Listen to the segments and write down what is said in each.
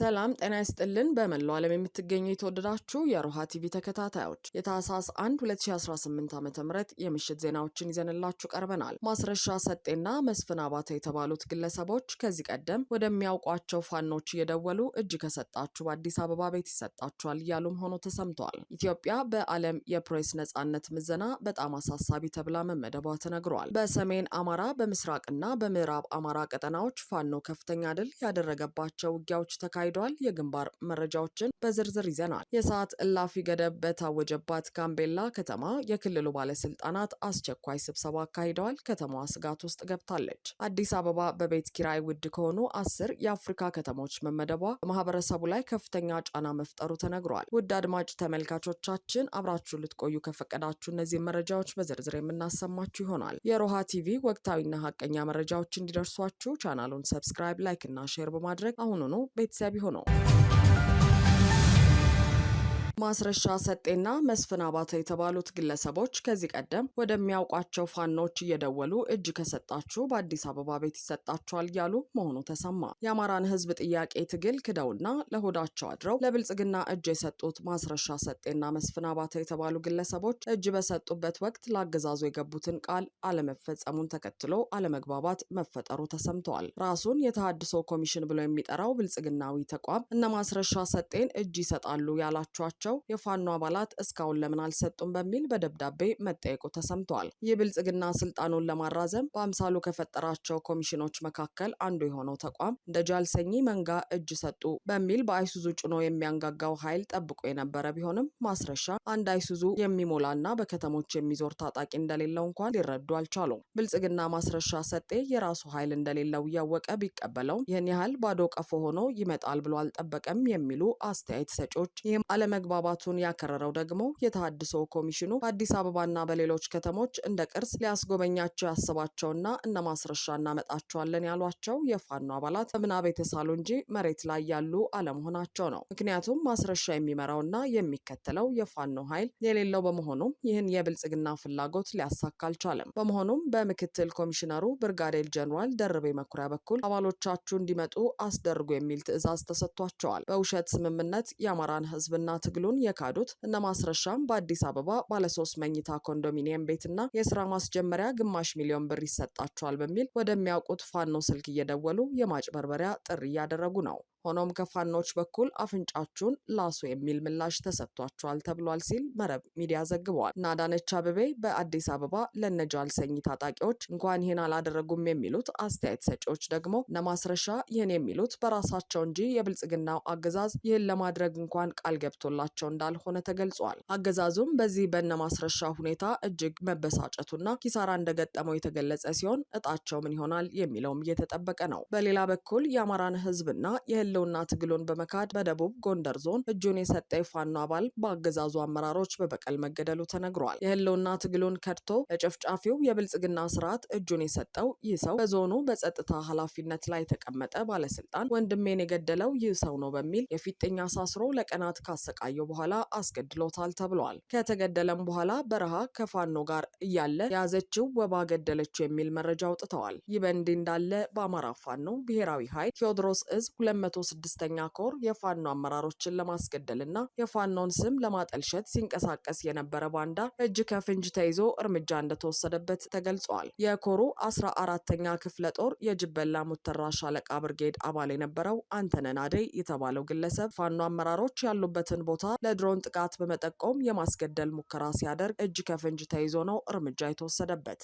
ሰላም ጤና ይስጥልን። በመላው ዓለም የምትገኙ የተወደዳችሁ የሮሃ ቲቪ ተከታታዮች የታህሳስ 1 2018 ዓ ም የምሽት ዜናዎችን ይዘንላችሁ ቀርበናል። ማስረሻ ሰጤና መስፍን አባተ የተባሉት ግለሰቦች ከዚህ ቀደም ወደሚያውቋቸው ፋኖች እየደወሉ እጅ ከሰጣችሁ በአዲስ አበባ ቤት ይሰጣችኋል እያሉም ሆኖ ተሰምተዋል። ኢትዮጵያ በዓለም የፕሬስ ነጻነት ምዘና በጣም አሳሳቢ ተብላ መመደቧ ተነግሯል። በሰሜን አማራ በምስራቅና በምዕራብ አማራ ቀጠናዎች ፋኖ ከፍተኛ ድል ያደረገባቸው ውጊያዎች ተካ ተካሂደዋል። የግንባር መረጃዎችን በዝርዝር ይዘናል። የሰዓት እላፊ ገደብ በታወጀባት ጋምቤላ ከተማ የክልሉ ባለስልጣናት አስቸኳይ ስብሰባ አካሂደዋል። ከተማዋ ስጋት ውስጥ ገብታለች። አዲስ አበባ በቤት ኪራይ ውድ ከሆኑ አስር የአፍሪካ ከተሞች መመደቧ በማህበረሰቡ ላይ ከፍተኛ ጫና መፍጠሩ ተነግሯል። ውድ አድማጭ ተመልካቾቻችን አብራችሁ ልትቆዩ ከፈቀዳችሁ እነዚህ መረጃዎች በዝርዝር የምናሰማችሁ ይሆናል። የሮሃ ቲቪ ወቅታዊና ሀቀኛ መረጃዎች እንዲደርሷችሁ ቻናሉን ሰብስክራይብ፣ ላይክ እና ሼር በማድረግ አሁኑኑ ቤተሰብ ቢሆነው ማስረሻ ሰጤና መስፍን አባተ የተባሉት ግለሰቦች ከዚህ ቀደም ወደሚያውቋቸው ፋኖች እየደወሉ እጅ ከሰጣችሁ በአዲስ አበባ ቤት ይሰጣችኋል ያሉ መሆኑ ተሰማ። የአማራን ህዝብ ጥያቄ ትግል ክደውና ለሆዳቸው አድረው ለብልጽግና እጅ የሰጡት ማስረሻ ሰጤና መስፍን አባተ የተባሉ ግለሰቦች እጅ በሰጡበት ወቅት ለአገዛዙ የገቡትን ቃል አለመፈጸሙን ተከትሎ አለመግባባት መፈጠሩ ተሰምተዋል። ራሱን የተሃድሶ ኮሚሽን ብሎ የሚጠራው ብልጽግናዊ ተቋም እነ ማስረሻ ሰጤን እጅ ይሰጣሉ ያላቸዋቸው ያላቸው የፋኖ አባላት እስካሁን ለምን አልሰጡም በሚል በደብዳቤ መጠየቁ ተሰምቷል። የብልጽግና ብልጽግና ስልጣኑን ለማራዘም በአምሳሉ ከፈጠራቸው ኮሚሽኖች መካከል አንዱ የሆነው ተቋም እንደ ጃልሰኝ መንጋ እጅ ሰጡ በሚል በአይሱዙ ጭኖ የሚያንጋጋው ኃይል ጠብቆ የነበረ ቢሆንም ማስረሻ አንድ አይሱዙ የሚሞላና በከተሞች የሚዞር ታጣቂ እንደሌለው እንኳን ሊረዱ አልቻሉም። ብልጽግና ማስረሻ ሰጤ የራሱ ኃይል እንደሌለው እያወቀ ቢቀበለው ይህን ያህል ባዶ ቀፎ ሆኖ ይመጣል ብሎ አልጠበቀም የሚሉ አስተያየት ሰጪዎች ይህም አለመግባ መግባባቱን ያከረረው ደግሞ የተሃድሶ ኮሚሽኑ በአዲስ አበባና በሌሎች ከተሞች እንደ ቅርስ ሊያስጎበኛቸው ያስባቸውና እነ ማስረሻ እናመጣቸዋለን ያሏቸው የፋኖ አባላት በምናብ የተሳሉ እንጂ መሬት ላይ ያሉ አለመሆናቸው ነው። ምክንያቱም ማስረሻ የሚመራውና የሚከተለው የፋኖ ኃይል የሌለው በመሆኑም ይህን የብልጽግና ፍላጎት ሊያሳካ አልቻለም። በመሆኑም በምክትል ኮሚሽነሩ ብርጋዴር ጀኔራል ደርቤ መኩሪያ በኩል አባሎቻችሁ እንዲመጡ አስደርጉ የሚል ትዕዛዝ ተሰጥቷቸዋል። በውሸት ስምምነት የአማራን ህዝብና ትግሉ እቅሉን የካዱት እነ ማስረሻም በአዲስ አበባ ባለሶስት መኝታ ኮንዶሚኒየም ቤትና የስራ ማስጀመሪያ ግማሽ ሚሊዮን ብር ይሰጣቸዋል በሚል ወደሚያውቁት ፋኖ ስልክ እየደወሉ የማጭበርበሪያ ጥሪ እያደረጉ ነው። ሆኖም ከፋኖች በኩል አፍንጫችሁን ላሱ የሚል ምላሽ ተሰጥቷቸዋል ተብሏል ሲል መረብ ሚዲያ ዘግበዋል። ናዳነች አበቤ በአዲስ አበባ ለነጃል ሰኝ ታጣቂዎች እንኳን ይህን አላደረጉም የሚሉት አስተያየት ሰጪዎች ደግሞ ነማስረሻ ይህን የሚሉት በራሳቸው እንጂ የብልጽግናው አገዛዝ ይህን ለማድረግ እንኳን ቃል ገብቶላቸው እንዳልሆነ ተገልጿል። አገዛዙም በዚህ በነማስረሻ ሁኔታ እጅግ መበሳጨቱና ኪሳራ እንደገጠመው የተገለጸ ሲሆን እጣቸው ምን ይሆናል የሚለውም እየተጠበቀ ነው። በሌላ በኩል የአማራን ህዝብና የህል የህልውና ትግሉን በመካድ በደቡብ ጎንደር ዞን እጁን የሰጠ የፋኖ አባል በአገዛዙ አመራሮች በበቀል መገደሉ ተነግሯል። የህልውና ትግሉን ከድቶ ለጨፍጫፊው የብልጽግና ስርዓት እጁን የሰጠው ይህ ሰው በዞኑ በጸጥታ ኃላፊነት ላይ የተቀመጠ ባለስልጣን ወንድሜን የገደለው ይህ ሰው ነው በሚል የፊጥኝ ሳስሮ ለቀናት ካሰቃየው በኋላ አስገድሎታል ተብሏል። ከተገደለም በኋላ በረሃ ከፋኖ ጋር እያለ የያዘችው ወባ ገደለችው የሚል መረጃ አውጥተዋል። ይህ በእንዲህ እንዳለ በአማራ ፋኖ ብሔራዊ ኃይል ቴዎድሮስ እዝ 2 ስድስተኛ ኮር የፋኖ አመራሮችን ለማስገደልና የፋኖን ስም ለማጠልሸት ሲንቀሳቀስ የነበረ ባንዳ እጅ ከፍንጅ ተይዞ እርምጃ እንደተወሰደበት ተገልጿል። የኮሩ አስራ አራተኛ ክፍለ ጦር የጅበላ ሙተራ ሻለቃ ብርጌድ አባል የነበረው አንተነህ የተባለው ግለሰብ ፋኖ አመራሮች ያሉበትን ቦታ ለድሮን ጥቃት በመጠቆም የማስገደል ሙከራ ሲያደርግ እጅ ከፍንጅ ተይዞ ነው እርምጃ የተወሰደበት።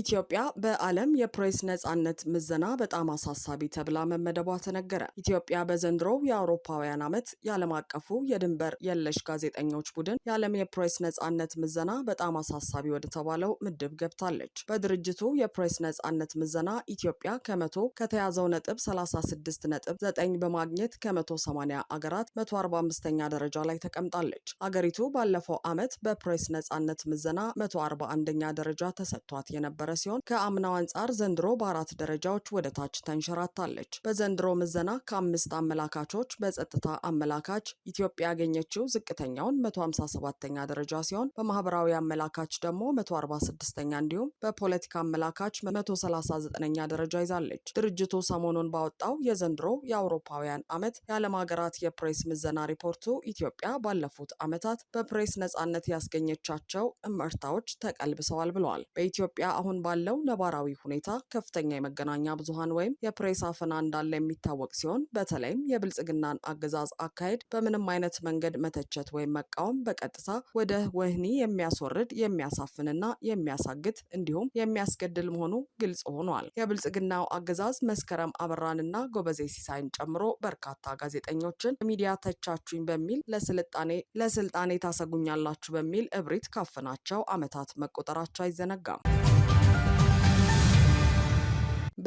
ኢትዮጵያ በዓለም የፕሬስ ነጻነት ምዘና በጣም አሳሳቢ ተብላ መመደቧ ተነገረ። ኢትዮጵያ በዘንድሮው የአውሮፓውያን ዓመት የዓለም አቀፉ የድንበር የለሽ ጋዜጠኞች ቡድን የዓለም የፕሬስ ነጻነት ምዘና በጣም አሳሳቢ ወደተባለው ምድብ ገብታለች። በድርጅቱ የፕሬስ ነጻነት ምዘና ኢትዮጵያ ከመቶ ከተያዘው ነጥብ 36 ነጥብ 9 በማግኘት ከ180 አገራት 145ኛ ደረጃ ላይ ተቀምጣለች። አገሪቱ ባለፈው ዓመት በፕሬስ ነጻነት ምዘና 141ኛ ደረጃ ተሰጥቷት የነበ የነበረ ሲሆን ከአምናው አንጻር ዘንድሮ በአራት ደረጃዎች ወደ ታች ተንሸራታለች። በዘንድሮ ምዘና ከአምስት አመላካቾች በጸጥታ አመላካች ኢትዮጵያ ያገኘችው ዝቅተኛውን 157ኛ ደረጃ ሲሆን በማህበራዊ አመላካች ደግሞ 146ኛ እንዲሁም በፖለቲካ አመላካች 139ኛ ደረጃ ይዛለች። ድርጅቱ ሰሞኑን ባወጣው የዘንድሮ የአውሮፓውያን ዓመት የዓለም ሀገራት የፕሬስ ምዘና ሪፖርቱ ኢትዮጵያ ባለፉት ዓመታት በፕሬስ ነጻነት ያስገኘቻቸው እመርታዎች ተቀልብሰዋል ብለዋል። በኢትዮጵያ አሁን አሁን ባለው ነባራዊ ሁኔታ ከፍተኛ የመገናኛ ብዙሃን ወይም የፕሬስ አፈና እንዳለ የሚታወቅ ሲሆን በተለይም የብልጽግናን አገዛዝ አካሄድ በምንም አይነት መንገድ መተቸት ወይም መቃወም በቀጥታ ወደ ወህኒ የሚያስወርድ የሚያሳፍንና የሚያሳግት እንዲሁም የሚያስገድል መሆኑ ግልጽ ሆኗል። የብልጽግናው አገዛዝ መስከረም አበራንና ጎበዜ ሲሳይን ጨምሮ በርካታ ጋዜጠኞችን ሚዲያ ተቻችኝ በሚል ለስልጣኔ ለስልጣኔ ታሰጉኛላችሁ በሚል እብሪት ካፈናቸው ዓመታት መቆጠራቸው አይዘነጋም።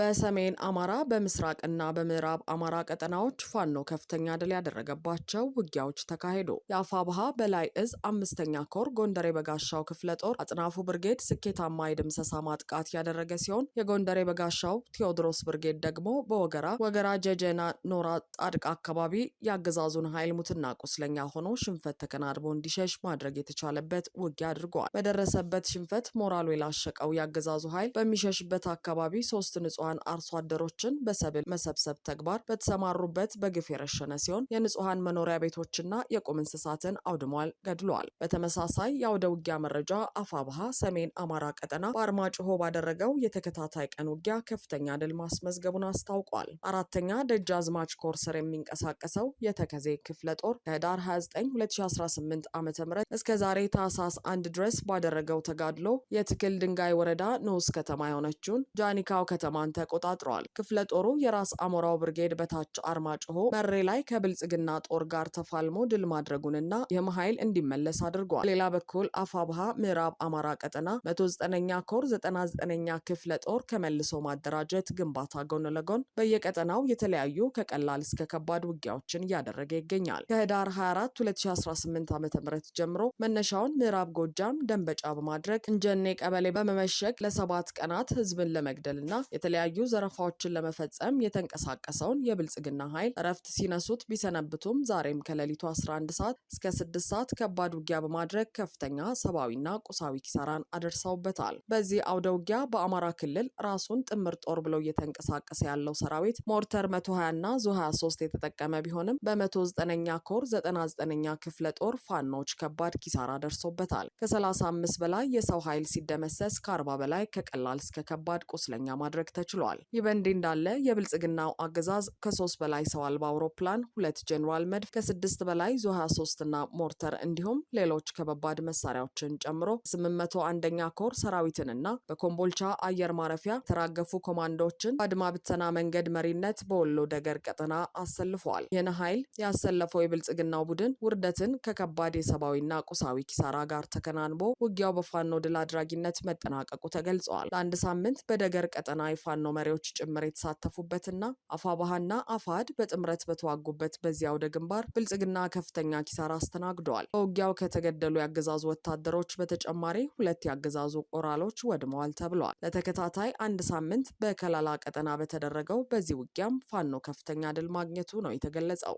በሰሜን አማራ በምስራቅና በምዕራብ አማራ ቀጠናዎች ፋኖ ከፍተኛ ድል ያደረገባቸው ውጊያዎች ተካሄዱ። የአፋብሃ በላይ እዝ አምስተኛ ኮር ጎንደር የበጋሻው ክፍለ ጦር አጥናፉ ብርጌድ ስኬታማ የድምሰሳ ማጥቃት ያደረገ ሲሆን የጎንደሬ በጋሻው ቴዎድሮስ ብርጌድ ደግሞ በወገራ ወገራ ጀጀና ኖራ ጣድቅ አካባቢ የአገዛዙን ኃይል ሙትና ቁስለኛ ሆኖ ሽንፈት ተከናድቦ እንዲሸሽ ማድረግ የተቻለበት ውጊያ አድርገዋል። በደረሰበት ሽንፈት ሞራሉ የላሸቀው የአገዛዙ ኃይል በሚሸሽበት አካባቢ ሶስት ንጹ ንጹሐን አርሶ አደሮችን በሰብል መሰብሰብ ተግባር በተሰማሩበት በግፍ የረሸነ ሲሆን የንጹሐን መኖሪያ ቤቶችና የቁም እንስሳትን አውድሟል፣ ገድሏል። በተመሳሳይ የአውደ ውጊያ መረጃ አፋብሃ ሰሜን አማራ ቀጠና በአርማጭሆ ባደረገው የተከታታይ ቀን ውጊያ ከፍተኛ ድል ማስመዝገቡን አስታውቋል። አራተኛ ደጃዝማች ኮር ስር የሚንቀሳቀሰው የተከዜ ክፍለ ጦር ከህዳር 29 2018 ዓ ም እስከ ዛሬ ታህሳስ አንድ ድረስ ባደረገው ተጋድሎ የትክል ድንጋይ ወረዳ ንዑስ ከተማ የሆነችውን ጃኒካው ከተማን ከተማን ተቆጣጥረዋል። ክፍለ ጦሩ የራስ አሞራው ብርጌድ በታች አርማጭሆ መሬ ላይ ከብልጽግና ጦር ጋር ተፋልሞ ድል ማድረጉንና የመሀይል እንዲመለስ አድርጓል። ሌላ በኩል አፋብሃ ምዕራብ አማራ ቀጠና መቶ ዘጠነኛ ኮር ዘጠና ዘጠነኛ ክፍለ ጦር ከመልሶ ማደራጀት ግንባታ ጎን ለጎን በየቀጠናው የተለያዩ ከቀላል እስከ ከባድ ውጊያዎችን እያደረገ ይገኛል። ከህዳር 24 2018 ዓ ም ጀምሮ መነሻውን ምዕራብ ጎጃም ደንበጫ በማድረግ እንጀኔ ቀበሌ በመመሸግ ለሰባት ቀናት ህዝብን ለመግደልና የተለያዩ የተለያዩ ዘረፋዎችን ለመፈጸም የተንቀሳቀሰውን የብልጽግና ኃይል እረፍት ሲነሱት ቢሰነብቱም ዛሬም ከሌሊቱ 11 ሰዓት እስከ 6 ሰዓት ከባድ ውጊያ በማድረግ ከፍተኛ ሰብአዊና ቁሳዊ ኪሳራን አደርሰውበታል። በዚህ አውደ ውጊያ በአማራ ክልል ራሱን ጥምር ጦር ብለው እየተንቀሳቀሰ ያለው ሰራዊት ሞርተር 120 እና ዙ 23 የተጠቀመ ቢሆንም በ109ኛ ኮር 99ኛ ክፍለ ጦር ፋኖች ከባድ ኪሳራ ደርሶበታል። ከ35 በላይ የሰው ኃይል ሲደመሰስ ከ40 በላይ ከቀላል እስከ ከባድ ቁስለኛ ማድረግ ተችሏል። ተችሏል። ይህ በእንዲህ እንዳለ የብልጽግናው አገዛዝ ከሶስት በላይ ሰው አልባ አውሮፕላን፣ ሁለት ጄኔራል መድፍ፣ ከስድስት በላይ ዙ 23ና ሞርተር እንዲሁም ሌሎች ከባድ መሳሪያዎችን ጨምሮ ስምንት መቶ አንደኛ ኮር ሰራዊትንና በኮምቦልቻ አየር ማረፊያ የተራገፉ ኮማንዶዎችን በአድማ ብተና መንገድ መሪነት በወሎ ደገር ቀጠና አሰልፏል። ይህን ኃይል ያሰለፈው የብልጽግናው ቡድን ውርደትን ከከባድ የሰብአዊና ቁሳዊ ኪሳራ ጋር ተከናንቦ ውጊያው በፋኖ ድል አድራጊነት መጠናቀቁ ተገልጸዋል። ለአንድ ሳምንት በደገር ቀጠና ይፋ የፋኖ መሪዎች ጭምር የተሳተፉበትና አፋባሃና አፋድ በጥምረት በተዋጉበት በዚህ አውደ ግንባር ብልጽግና ከፍተኛ ኪሳራ አስተናግደዋል። በውጊያው ከተገደሉ የአገዛዙ ወታደሮች በተጨማሪ ሁለት የአገዛዙ ቆራሎች ወድመዋል ተብለዋል። ለተከታታይ አንድ ሳምንት በከላላ ቀጠና በተደረገው በዚህ ውጊያም ፋኖ ከፍተኛ ድል ማግኘቱ ነው የተገለጸው።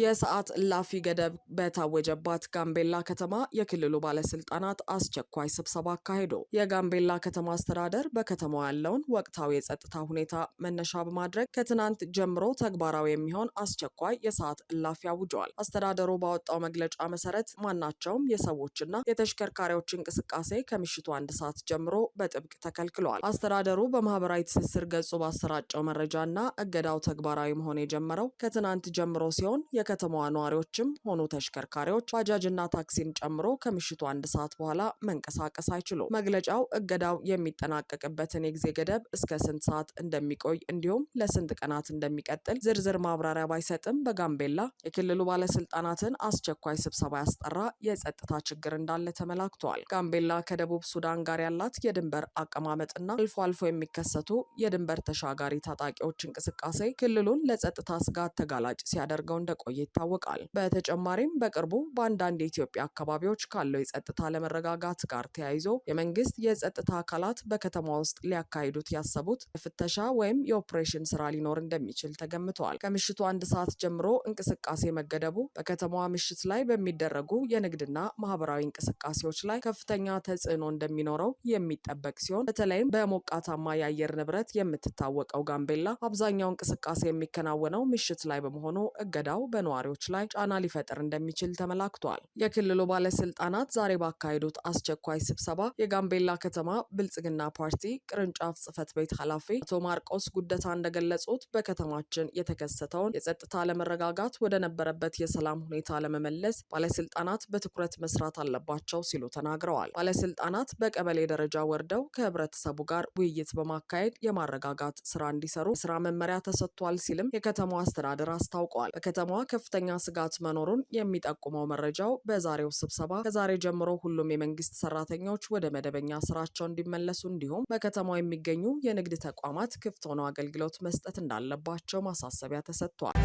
የሰዓት እላፊ ገደብ በታወጀባት ጋምቤላ ከተማ የክልሉ ባለስልጣናት አስቸኳይ ስብሰባ አካሄዱ። የጋምቤላ ከተማ አስተዳደር በከተማው ያለውን ወቅታዊ የጸጥታ ሁኔታ መነሻ በማድረግ ከትናንት ጀምሮ ተግባራዊ የሚሆን አስቸኳይ የሰዓት እላፊ አውጇል። አስተዳደሩ ባወጣው መግለጫ መሰረት ማናቸውም የሰዎችና የተሽከርካሪዎች እንቅስቃሴ ከምሽቱ አንድ ሰዓት ጀምሮ በጥብቅ ተከልክሏል። አስተዳደሩ በማህበራዊ ትስስር ገጹ ባሰራጨው መረጃና እገዳው ተግባራዊ መሆን የጀመረው ከትናንት ጀምሮ ሲሆን የከተማዋ ነዋሪዎችም ሆኑ ተሽከርካሪዎች ባጃጅና ታክሲን ጨምሮ ከምሽቱ አንድ ሰዓት በኋላ መንቀሳቀስ አይችሉም። መግለጫው እገዳው የሚጠናቀቅበትን የጊዜ ገደብ እስከ ስንት ሰዓት እንደሚቆይ እንዲሁም ለስንት ቀናት እንደሚቀጥል ዝርዝር ማብራሪያ ባይሰጥም በጋምቤላ የክልሉ ባለስልጣናትን አስቸኳይ ስብሰባ ያስጠራ የጸጥታ ችግር እንዳለ ተመላክቷል። ጋምቤላ ከደቡብ ሱዳን ጋር ያላት የድንበር አቀማመጥና አልፎ አልፎ የሚከሰቱ የድንበር ተሻጋሪ ታጣቂዎች እንቅስቃሴ ክልሉን ለጸጥታ ስጋት ተጋላጭ ሲያደርገው እንደቆየ እንደቆየ ይታወቃል። በተጨማሪም በቅርቡ በአንዳንድ የኢትዮጵያ አካባቢዎች ካለው የጸጥታ አለመረጋጋት ጋር ተያይዞ የመንግስት የጸጥታ አካላት በከተማ ውስጥ ሊያካሂዱት ያሰቡት የፍተሻ ወይም የኦፕሬሽን ስራ ሊኖር እንደሚችል ተገምተዋል። ከምሽቱ አንድ ሰዓት ጀምሮ እንቅስቃሴ መገደቡ በከተማዋ ምሽት ላይ በሚደረጉ የንግድና ማህበራዊ እንቅስቃሴዎች ላይ ከፍተኛ ተጽዕኖ እንደሚኖረው የሚጠበቅ ሲሆን በተለይም በሞቃታማ የአየር ንብረት የምትታወቀው ጋምቤላ አብዛኛው እንቅስቃሴ የሚከናወነው ምሽት ላይ በመሆኑ እገዳው በ በነዋሪዎች ላይ ጫና ሊፈጥር እንደሚችል ተመላክቷል። የክልሉ ባለስልጣናት ዛሬ ባካሄዱት አስቸኳይ ስብሰባ የጋምቤላ ከተማ ብልጽግና ፓርቲ ቅርንጫፍ ጽህፈት ቤት ኃላፊ አቶ ማርቆስ ጉደታ እንደገለጹት በከተማችን የተከሰተውን የጸጥታ አለመረጋጋት ወደነበረበት የሰላም ሁኔታ ለመመለስ ባለስልጣናት በትኩረት መስራት አለባቸው ሲሉ ተናግረዋል። ባለስልጣናት በቀበሌ ደረጃ ወርደው ከህብረተሰቡ ጋር ውይይት በማካሄድ የማረጋጋት ስራ እንዲሰሩ ስራ መመሪያ ተሰጥቷል ሲልም የከተማዋ አስተዳደር አስታውቋል። በከተማዋ ከፍተኛ ስጋት መኖሩን የሚጠቁመው መረጃው በዛሬው ስብሰባ ከዛሬ ጀምሮ ሁሉም የመንግስት ሰራተኞች ወደ መደበኛ ስራቸው እንዲመለሱ እንዲሁም በከተማው የሚገኙ የንግድ ተቋማት ክፍት ሆነው አገልግሎት መስጠት እንዳለባቸው ማሳሰቢያ ተሰጥቷል።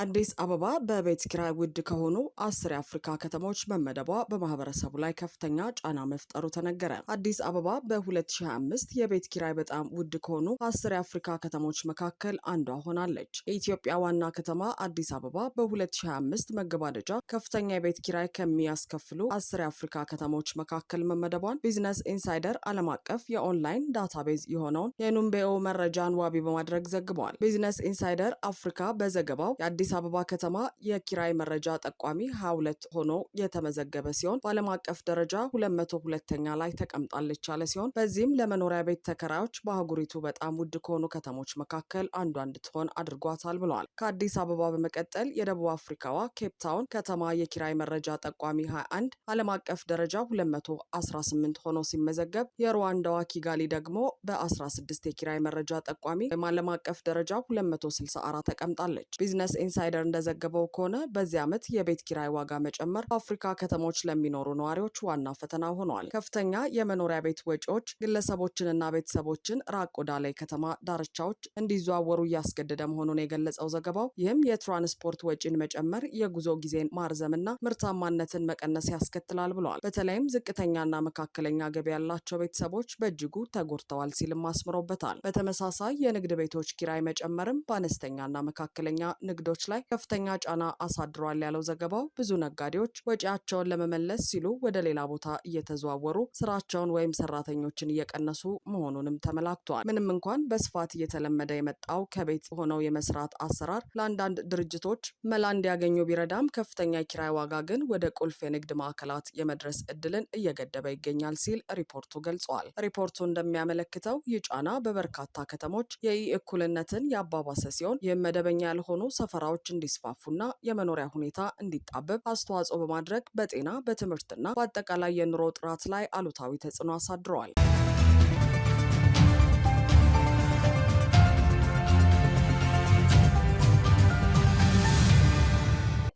አዲስ አበባ በቤት ኪራይ ውድ ከሆኑ አስር የአፍሪካ ከተሞች መመደቧ በማህበረሰቡ ላይ ከፍተኛ ጫና መፍጠሩ ተነገረ። አዲስ አበባ በ2025 የቤት ኪራይ በጣም ውድ ከሆኑ አስር የአፍሪካ ከተሞች መካከል አንዷ ሆናለች። የኢትዮጵያ ዋና ከተማ አዲስ አበባ በ2025 መገባደጃ ከፍተኛ የቤት ኪራይ ከሚያስከፍሉ አስር የአፍሪካ ከተሞች መካከል መመደቧን ቢዝነስ ኢንሳይደር ዓለም አቀፍ የኦንላይን ዳታቤዝ የሆነውን የኑምቤኦ መረጃን ዋቢ በማድረግ ዘግቧል። ቢዝነስ ኢንሳይደር አፍሪካ በዘገባው የአዲስ የአዲስ አበባ ከተማ የኪራይ መረጃ ጠቋሚ 22 ሆኖ የተመዘገበ ሲሆን በዓለም አቀፍ ደረጃ 202ኛ ላይ ተቀምጣለች ያለ ሲሆን በዚህም ለመኖሪያ ቤት ተከራዮች በአህጉሪቱ በጣም ውድ ከሆኑ ከተሞች መካከል አንዷ እንድትሆን አድርጓታል ብለዋል። ከአዲስ አበባ በመቀጠል የደቡብ አፍሪካዋ ኬፕታውን ከተማ የኪራይ መረጃ ጠቋሚ 21 ዓለም አቀፍ ደረጃ 218 ሆኖ ሲመዘገብ የሩዋንዳዋ ኪጋሊ ደግሞ በ16 የኪራይ መረጃ ጠቋሚ ዓለም አቀፍ ደረጃ 264 ተቀምጣለች። ቢዝነስ ኢንሳይደር እንደዘገበው ከሆነ በዚህ ዓመት የቤት ኪራይ ዋጋ መጨመር በአፍሪካ ከተሞች ለሚኖሩ ነዋሪዎች ዋና ፈተና ሆኗል። ከፍተኛ የመኖሪያ ቤት ወጪዎች ግለሰቦችንና ቤተሰቦችን ራቅ ወዳለ ከተማ ዳርቻዎች እንዲዘዋወሩ እያስገደደ መሆኑን የገለጸው ዘገባው ይህም የትራንስፖርት ወጪን መጨመር፣ የጉዞ ጊዜን ማርዘምና ምርታማነትን መቀነስ ያስከትላል ብለዋል። በተለይም ዝቅተኛና መካከለኛ ገቢ ያላቸው ቤተሰቦች በእጅጉ ተጎድተዋል ሲልም አስምሮበታል። በተመሳሳይ የንግድ ቤቶች ኪራይ መጨመርም በአነስተኛና መካከለኛ ንግዶች ነጋዴዎች ላይ ከፍተኛ ጫና አሳድሯል ያለው ዘገባው ብዙ ነጋዴዎች ወጪያቸውን ለመመለስ ሲሉ ወደ ሌላ ቦታ እየተዘዋወሩ ስራቸውን ወይም ሰራተኞችን እየቀነሱ መሆኑንም ተመላክቷል። ምንም እንኳን በስፋት እየተለመደ የመጣው ከቤት ሆነው የመስራት አሰራር ለአንዳንድ ድርጅቶች መላ እንዲያገኙ ቢረዳም ከፍተኛ የኪራይ ዋጋ ግን ወደ ቁልፍ የንግድ ማዕከላት የመድረስ እድልን እየገደበ ይገኛል ሲል ሪፖርቱ ገልጿል። ሪፖርቱ እንደሚያመለክተው ይህ ጫና በበርካታ ከተሞች የኢ እኩልነትን ያባባሰ ሲሆን ይህም መደበኛ ያልሆኑ ሰፈራ ስራዎች እንዲስፋፉና የመኖሪያ ሁኔታ እንዲጣበብ አስተዋጽኦ በማድረግ በጤና በትምህርትና በአጠቃላይ የኑሮ ጥራት ላይ አሉታዊ ተጽዕኖ አሳድረዋል።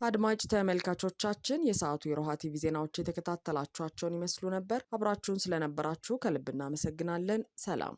አድማጭ ተመልካቾቻችን የሰዓቱ የሮሃ ቲቪ ዜናዎች የተከታተላችኋቸውን ይመስሉ ነበር። አብራችሁን ስለነበራችሁ ከልብ እናመሰግናለን። ሰላም